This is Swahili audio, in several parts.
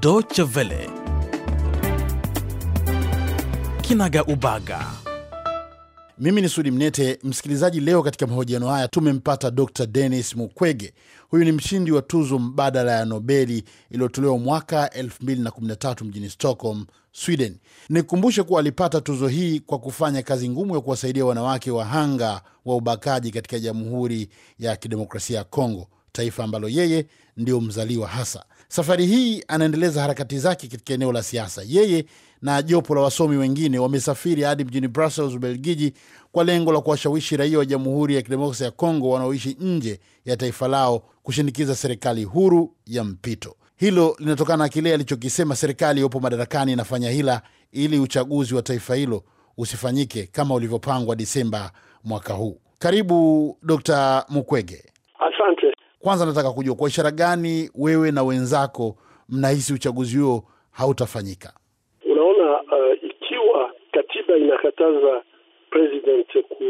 Deutsche Welle, kinaga ubaga. Mimi ni Sudi Mnete, msikilizaji. Leo katika mahojiano haya tumempata Dr Denis Mukwege. Huyu ni mshindi wa tuzo mbadala ya Nobeli iliyotolewa mwaka 2013 mjini Stockholm, Sweden. Nikumbushe kuwa alipata tuzo hii kwa kufanya kazi ngumu ya kuwasaidia wanawake wahanga wa ubakaji katika Jamhuri ya Kidemokrasia ya Kongo, taifa ambalo yeye ndio mzaliwa hasa. Safari hii anaendeleza harakati zake katika eneo la siasa. Yeye na jopo la wasomi wengine wamesafiri hadi mjini Brussels, Ubelgiji, kwa lengo la kuwashawishi raia wa Jamhuri ya Kidemokrasia ya Kongo wanaoishi nje ya taifa lao kushinikiza serikali huru ya mpito. Hilo linatokana na kile alichokisema serikali iliyopo madarakani inafanya hila ili uchaguzi wa taifa hilo usifanyike kama ulivyopangwa Disemba mwaka huu. Karibu d Mukwege. Asante kwanza nataka kujua kwa ishara gani wewe na wenzako mnahisi uchaguzi huo hautafanyika? Unaona, uh, ikiwa katiba inakataza president ku,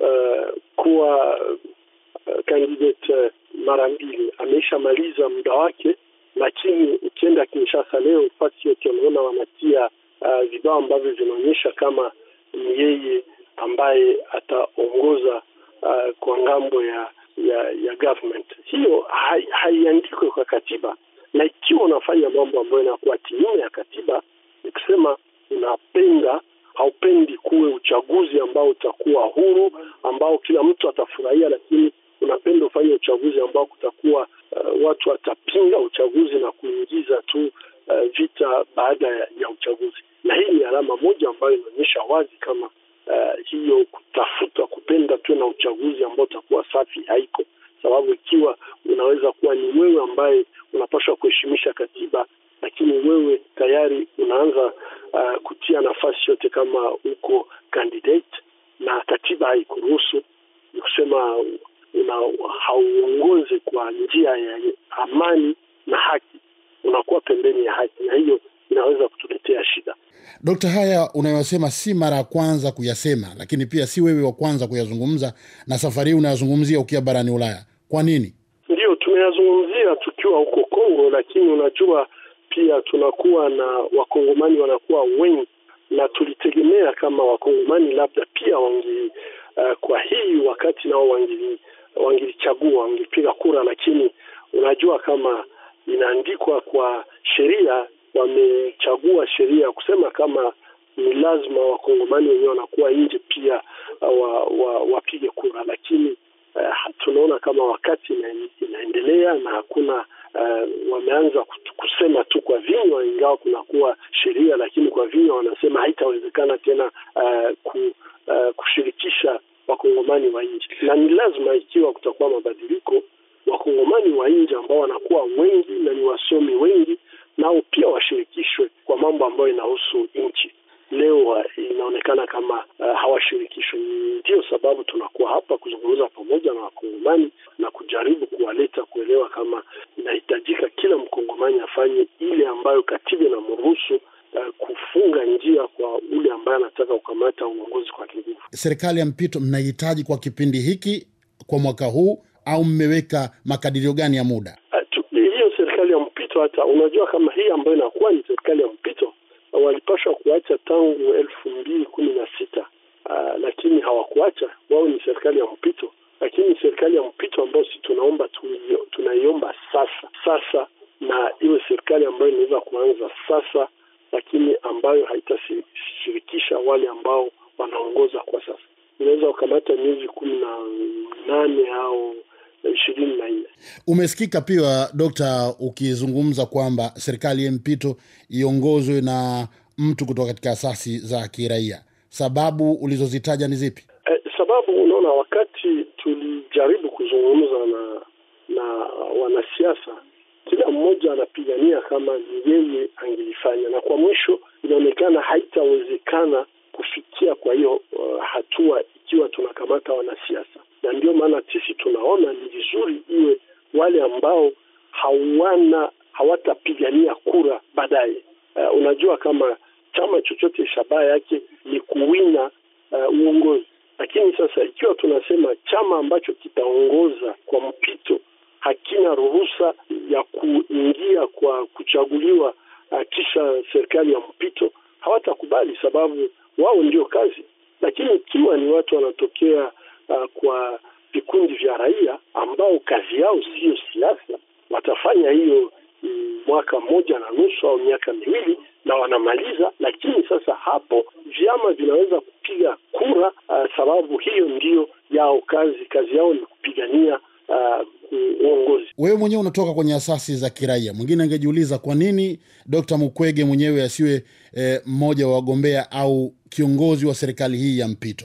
uh, kuwa uh, candidate uh, mara mbili, ameshamaliza muda wake. Lakini ukienda Kinshasa leo, fasi yote unaona wanatia uh, vibao ambavyo vinaonyesha kama ni yeye ambaye ataongoza uh, kwa ngambo ya ya ya government. Hiyo haiandikwi kwa katiba, na ikiwa unafanya mambo ambayo inakuwa kinyume ya katiba, ikisema unapenga unapenda haupendi kuwe uchaguzi ambao utakuwa huru, ambao kila mtu atafurahia, lakini unapenda ufanye uchaguzi ambao kutakuwa uh, watu watapinga uchaguzi na kuingiza tu uh, vita baada ya, ya uchaguzi. Na hii ni alama moja ambayo inaonyesha wazi kama uh, hiyo na uchaguzi ambao utakuwa safi haiko, sababu ikiwa unaweza kuwa ni wewe ambaye unapaswa kuheshimisha katiba, lakini wewe tayari unaanza uh, kutia nafasi yote kama uko candidate na katiba haikuruhusu, ni kusema hauongozi kwa njia ya amani na haki, unakuwa pembeni ya haki, na hiyo inaweza kutuletea shida. Dokta, haya unayosema si mara ya kwanza kuyasema, lakini pia si wewe wa kwanza kuyazungumza, na safari hii unayazungumzia ukiwa barani Ulaya. Kwa nini? Ndiyo, tumeyazungumzia tukiwa huko Kongo, lakini unajua pia tunakuwa na wakongomani wanakuwa wengi, na tulitegemea kama wakongomani labda pia wangi uh, eh, kwa hii wakati nao wangilichagua wangelichagua wangepiga kura, lakini unajua kama inaandikwa kwa sheria wamechagua sheria kusema kama ni lazima wakongomani wenyewe wanakuwa nje pia uh, wa, wa, wapige kura, lakini uh, tunaona kama wakati inaendelea na hakuna uh, wameanza kusema tu kwa vinywa, ingawa kunakuwa sheria, lakini kwa vinywa wanasema haitawezekana tena uh, ku, uh, kushirikisha wakongomani wa nje, na ni lazima ikiwa kutakuwa mabadiliko wakongomani wa nje ambao wanakuwa wengi na ni wasomi wengi nao pia washirikishwe kwa mambo ambayo inahusu nchi. Leo uh, inaonekana kama uh, hawashirikishwi. Ndiyo sababu tunakuwa hapa kuzungumza pamoja na Wakongomani na kujaribu kuwaleta kuelewa kama inahitajika kila Mkongomani afanye ile ambayo katiba inamruhusu uh, kufunga njia kwa ule ambaye anataka kukamata uongozi kwa kinguvu. Serikali ya mpito mnahitaji kwa kipindi hiki, kwa mwaka huu, au mmeweka makadirio gani ya muda? hata unajua kama hii ambayo inakuwa ni serikali ya mpito walipashwa kuacha tangu elfu mbili kumi na sita ah, lakini hawakuacha. Wao ni serikali ya mpito, lakini serikali ya mpito ambayo si tunaomba tunaiomba sasa sasa, na iwe serikali ambayo inaweza kuanza sasa, lakini ambayo haitashirikisha wale ambao wanaongoza kwa sasa. Inaweza ukamata miezi kumi na Umesikika pia Dokta ukizungumza kwamba serikali ya mpito iongozwe na mtu kutoka katika asasi za kiraia. Sababu ulizozitaja ni zipi? Eh, sababu unaona, wakati tulijaribu kuzungumza na na wanasiasa, kila mmoja anapigania kama ni yeye angeifanya na kwa mwisho inaonekana haitawezekana kufikia kwa hiyo uh, hatua ikiwa tunakamata wanasiasa, na ndio maana sisi tunaona ni vizuri iwe wale ambao hawana hawatapigania kura baadaye. Uh, unajua kama chama chochote shabaha yake ni kuwina uh, uongozi, lakini sasa ikiwa tunasema chama ambacho kitaongoza kwa mpito hakina ruhusa ya kuingia kwa kuchaguliwa uh, kisha serikali ya mpito, hawatakubali sababu wao ndio kazi. Lakini ikiwa ni watu wanatokea uh, kwa kazi yao siyo siasa, watafanya hiyo mm, mwaka mmoja na nusu au miaka miwili na wanamaliza. Lakini sasa hapo vyama vinaweza kupiga kura uh, sababu hiyo ndiyo yao kazi. Kazi yao ni kupigania uh, uongozi. Wewe mwenyewe unatoka kwenye asasi za kiraia, mwingine angejiuliza kwa nini Dkt. Mukwege mwenyewe asiwe eh, mmoja eh, wa wagombea au kiongozi wa serikali hii ya mpito?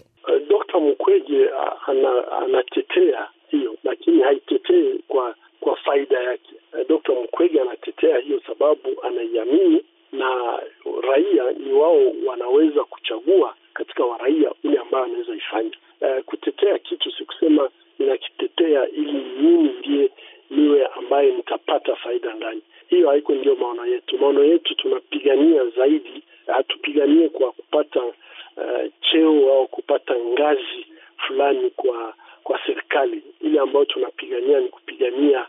faida yake. Eh, Dkt. Mkwege anatetea hiyo sababu anaiamini, na raia ni wao wanaweza kuchagua katika waraia ule ambayo anaweza ifanya. E, kutetea kitu si kusema ninakitetea ili mimi ndiye niwe ambaye nitapata faida ndani. Hiyo haiko ndiyo maono yetu. Maono yetu tunapigania zaidi, hatupiganie kwa kupata uh, cheo au kupata ngazi fulani kwa kwa serikali. Ile ambayo tunapigania ni kupigania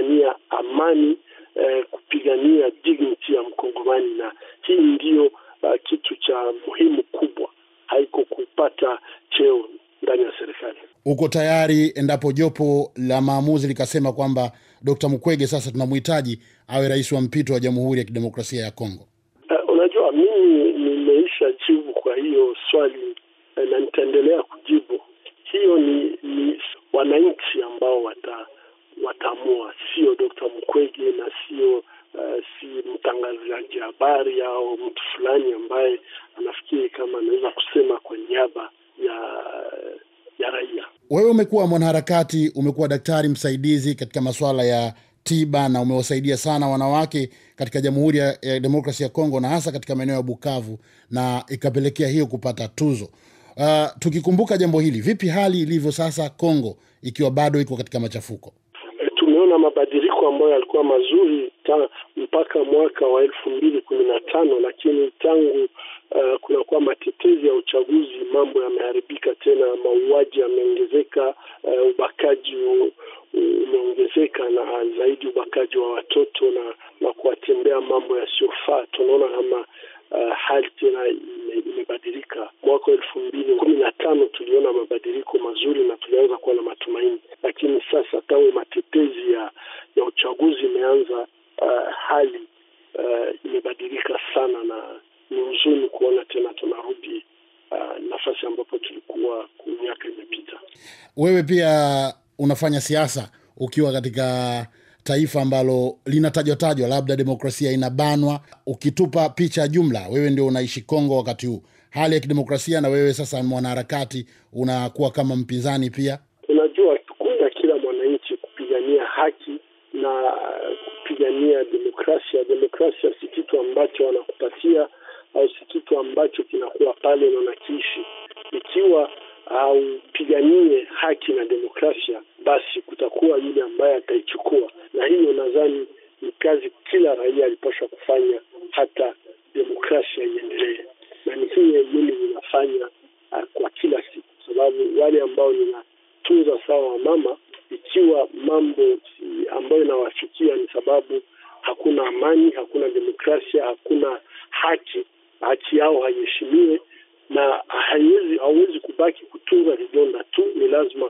kupigania amani eh, kupigania dignity ya Mkongomani, na hii ndiyo uh, ah, kitu cha muhimu kubwa, haiko kupata cheo ndani ya serikali. Uko tayari endapo jopo la maamuzi likasema kwamba Dkt. mkwege sasa tunamhitaji awe rais wa mpito wa Jamhuri ya Kidemokrasia ya Kongo? Uh, unajua mimi nimeisha jibu kwa hiyo swali eh, na nitaendelea kujibu. Hiyo ni, ni wananchi ambao wata kutamua, sio Dr. Mkwege na sio uh, si mtangazaji habari au mtu fulani ambaye anafikiri kama anaweza kusema kwa niaba ya ya raia. Wewe umekuwa mwanaharakati, umekuwa daktari msaidizi katika masuala ya tiba na umewasaidia sana wanawake katika Jamhuri ya Demokrasia ya Kongo na hasa katika maeneo ya Bukavu na ikapelekea hiyo kupata tuzo. Uh, tukikumbuka jambo hili, vipi hali ilivyo sasa Kongo ikiwa bado iko katika machafuko? tuliona mabadiliko ambayo yalikuwa mazuri ta, mpaka mwaka wa elfu mbili kumi na tano, lakini tangu uh, kunakuwa matetezi ya uchaguzi, mambo yameharibika tena, mauaji yameongezeka, uh, ubakaji umeongezeka na zaidi ubakaji wa watoto na, na kuwatembea mambo yasiyofaa. Tunaona kama Uh, hali tena imebadilika. Mwaka wa elfu mbili kumi na tano tuliona mabadiliko mazuri na wewe pia unafanya siasa ukiwa katika taifa ambalo linatajwa tajwa, labda demokrasia inabanwa. Ukitupa picha jumla, wewe ndio unaishi Kongo wakati huu, hali ya kidemokrasia, na wewe sasa mwanaharakati, unakuwa kama mpinzani pia. Unajua, jukumu ya kila mwananchi kupigania haki na kupigania demokrasia. Demokrasia si kitu ambacho wanakupatia au si kitu ambacho kinakuwa pale na nakiishi Ikiwa haupiganie haki na demokrasia, basi kutakuwa yule ambaye ataichukua, na hiyo nadhani ni kazi kila raia alipaswa kufanya, hata demokrasia iendelee, na ni hiyo mimi ninafanya ah, kwa kila siku, sababu wale ambao ninatunza sawa wa mama, ikiwa mambo ambayo inawafikia ni sababu hakuna amani, hakuna demokrasia, hakuna haki, haki yao haiheshimiwe na haiwezi hauwezi kubaki kutunza vidonda tu, ni lazima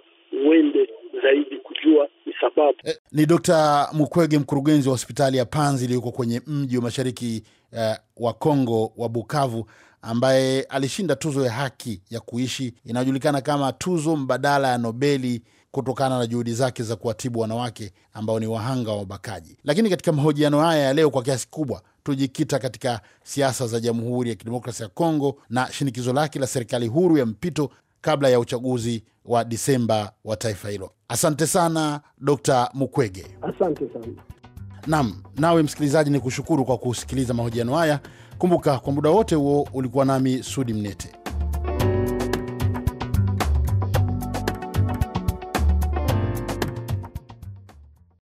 uende zaidi kujua ni sababu. Eh, ni Dr. Mukwege mkurugenzi wa hospitali ya Panzi iliyoko kwenye mji wa mashariki eh, wa Kongo wa Bukavu ambaye alishinda tuzo ya haki ya kuishi inayojulikana kama tuzo mbadala ya Nobeli kutokana na juhudi zake za kuwatibu wanawake ambao ni wahanga wa ubakaji. Lakini katika mahojiano haya ya leo, kwa kiasi kubwa tulijikita katika siasa za Jamhuri ya Kidemokrasia ya Kongo na shinikizo lake la serikali huru ya mpito kabla ya uchaguzi wa Disemba wa taifa hilo. Asante sana d Mukwege. Asante sana. Nam, nawe msikilizaji, ni kushukuru kwa kusikiliza mahojiano haya. Kumbuka, kwa muda wote huo ulikuwa nami Sudi Mnete.